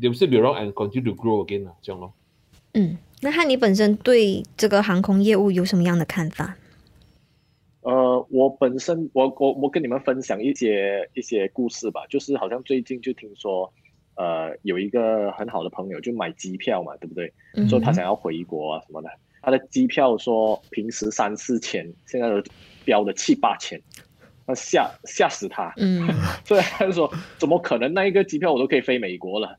不會再變翻，and continue to grow again 啊，咁咯。嗯，那看你本身對這個航空業務有什麼樣的看法？呃，我本身我我我跟你們分享一些一些故事吧，就是好像最近就聽說，呃，有一個很好的朋友就買機票嘛，對唔對？嗯、mm。Hmm. 說他想要回國啊，什麼的，他的機票說平時三四千，現在飆到七八千，啊嚇嚇死他！嗯、mm。Hmm. 所以佢話：，怎麼可能那一個機票我都可以飛美國了？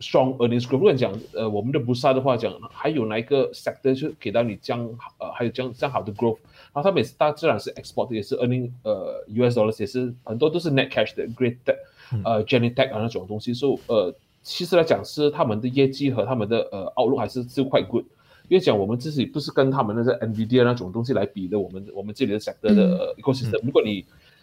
Strong earnings growth，如果講，呃，我們的 Bursa 的話，講還有哪一個 sector 就給到你這樣呃，還有這樣這樣好的 growth。然後他們也是大自然是 export，也是 earning，呃，US dollars 也是很多都是 net cash 的 Greatech、嗯、呃 Genetec 啊那種東西。所以，呃，其實來講是他們的業績和他們的，呃，outlook 還是 still quite good。因為講我們自己不是跟他們 n 那 Nvidia 那種東西來比的我們。我們我們這裏的 sector 的 ecosystem、嗯。嗯、如果你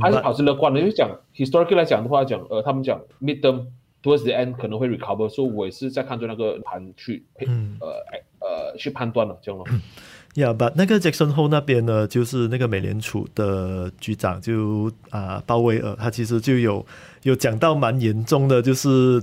還係保持樂觀的，嗯、因為講、嗯、historically 來講的話，講，呃，他們講 middle towards the end 可能會 recover，、嗯、所以我也是在看住那個盤去，呃，呃，去判斷啦，咁咯。嗯、Yeah，but 那個 Jackson Hole 嗰邊呢，就是那個美聯儲的局長就啊鮑威爾，他其實就有有講到蠻嚴重的，就是。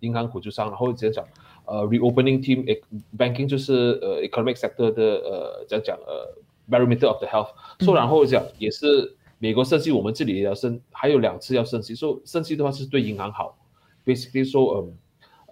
銀行股就上，然後直接講呃 reopening team、e、banking 就是呃 economic sector 的呃，這樣講呃 barometer of the health、嗯。所、so, 然後講也是美國升息，我們這裡要升，還有兩次要升息。所、so, 升息的話是對銀行好，basically 說、so, 呃，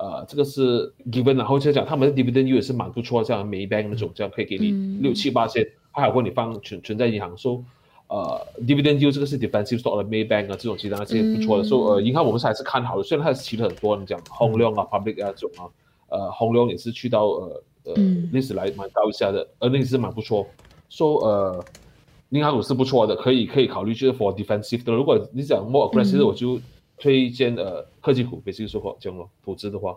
呃，啊這個是 given，然後直接講他們的 dividend yield 也是蠻不錯，像美 bank 那種可以給你六七八千，還好過你放存存在銀行，所、so, 呃 dividend yield 這個是 defensive stock 的 Maybank 啊，這種其他那些不錯的。So，呃，銀行我們是還是看好的，雖然它係跌咗很多，你講 Hong Leong 啊、public 啊這種啊，呃 Hong Leong 也是去到呃，呃，歷史來，蠻高下的，那個是蠻不錯。So，呃，銀行股是不錯的，可以可以考慮，就是 for defensive。如果你講 more aggressive，嗯、我就推薦呃科技股，比如說我，其講了投資的話。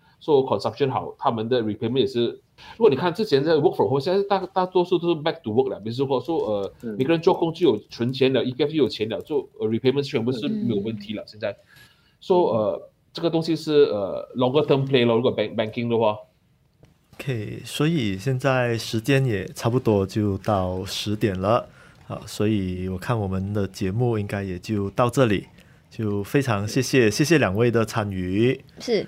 做、so、consumption 好，他們的 repayment 也是。如果你看之前在 work from home，現在大大多數都是 back to work 啦，沒事過。所、so, 以呃，每是個人做工就有存錢了，一開始有錢了，做、so, uh, repayment 全部是沒有問題啦。嗯、現在，所、so, 以呃，這個東西是呃 longer term play 咯。如果 banking 的話，OK。所以現在時間也差不多就到十點了，好、啊，所以我看我們的節目應該也就到這裡，就非常謝謝、嗯、謝謝兩位的參與。是。